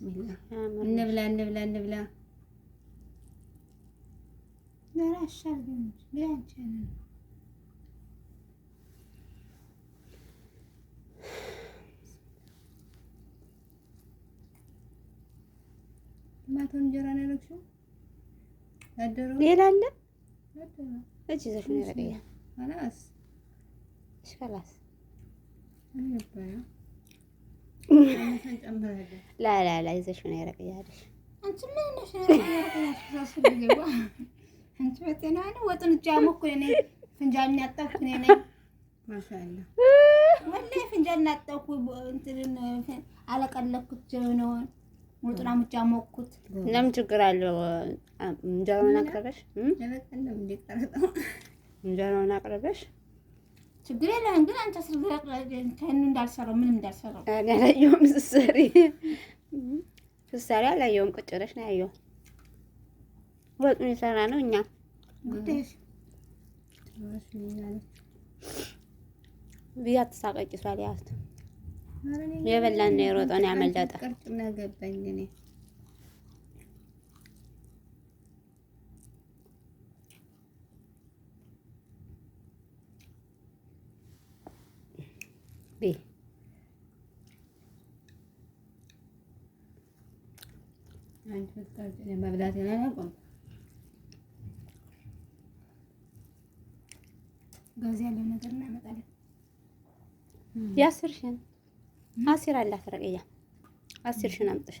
Ne ne Nevle Ne nevle. Ver aşağı dönüş. Ver çeneni. ማቶን እንጀራ ነው ያደረግሽው? ያደረው ሌላ አለ እጅ ይዘሽ ነው ያደረገኝ። خلاص እሺ خلاص ላላላ ይዘሽ ነው ያረቅያለሽ። አንቺ ምን ነሽ? አንቺ በጤና ነው? ወጡን እጃ ሞክል እኔ ፍንጃል እናጠብኩ እኔ ነኝ። ማሻአላ ወላሂ ፍንጃል እናጠብኩ እንትን አለቀለኩት ነው ወጡን አሙጫ ሞኩት። ለምን ችግር አለው? እንጀራውን አቅርበሽ እንጀራውን አቅርበሽ ችግር የለህም ግን አንተ ስልከኑ እንዳልሰራው ምንም እንዳልሰራው እኔ አላየሁም። ስትሰሪ ስትሰሪ አላየሁም። ቁጭ ብለሽ ነው ያየሁት። ወጡን የሰራ ነው እኛ ብዬሽ አትሳቀቂ። ሷል ያዝኩት የበላን ነው የሮጠን ያመለጠ ልቤ መብላት ጋዝ ያለው ነገር እናመጣለን። የአስር ሽን አሲር አላት ረቅያ አስር ሽን አምጥሻ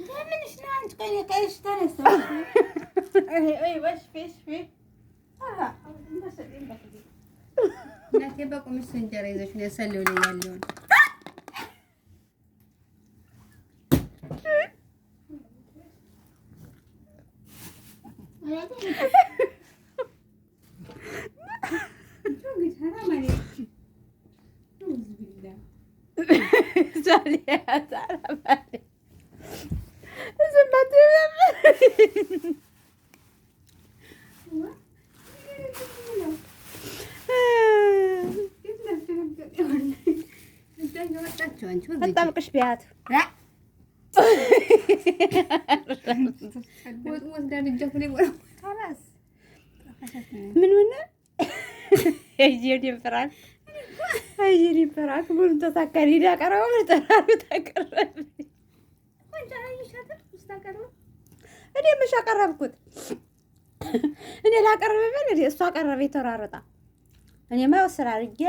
من شنو عندك عينيك ايش تنسى اي إيه، واش في ايش في اه لكن بقوا مسنجر اذا شنو يسلوا لي اللون Sorry, I thought about አላትም አጣብቅሽ ቢያት ምን ሆነ? አየር ይፈራል፣ አየር ይፈራል። ምኑን ተሳካን? ሂድ አቀረበ፣ ተራሩ ተቀረበ እኔ መች አቀረብኩት? እኔ ላቀረበ በል እሱ አቀረበ የተሯረጣ እኔማ ስራ አድርጌ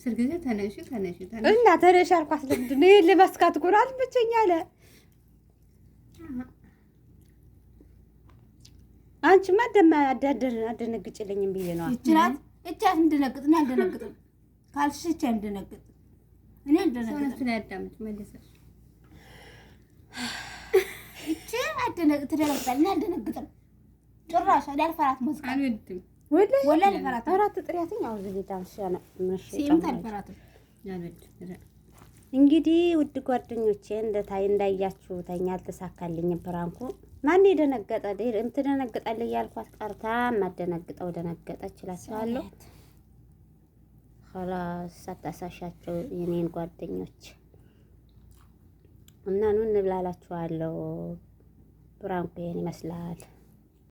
ስል ጊዜ ተነሺ ተነሺ እና ተነሺ አልኳት። ልምድ ነው ለመስካት እኮ አልመቸኝ አለ። አንቺማ አደነግጭልኝም ብዬ ነዋ። ይችላል እቻት እንደነግጥ እና እንደነግጥ ካልሽ እቻ እንደነግጥ እኔ እንደነግጥ እቺ ጭራሽ አልፈራት አራት ጥሪያትኝ እንግዲህ ውድ ጓደኞቼ እንደታይ እንዳያችሁ ተኛ አልተሳካልኝም። ማን የደነገጠ እያልኳት ቀርታ ማደነግጠው ደነገጠች የኔን ጓደኞች እና ኑ እንብላላችኋለሁ። ፕራንኩ ይሄን ይመስላል።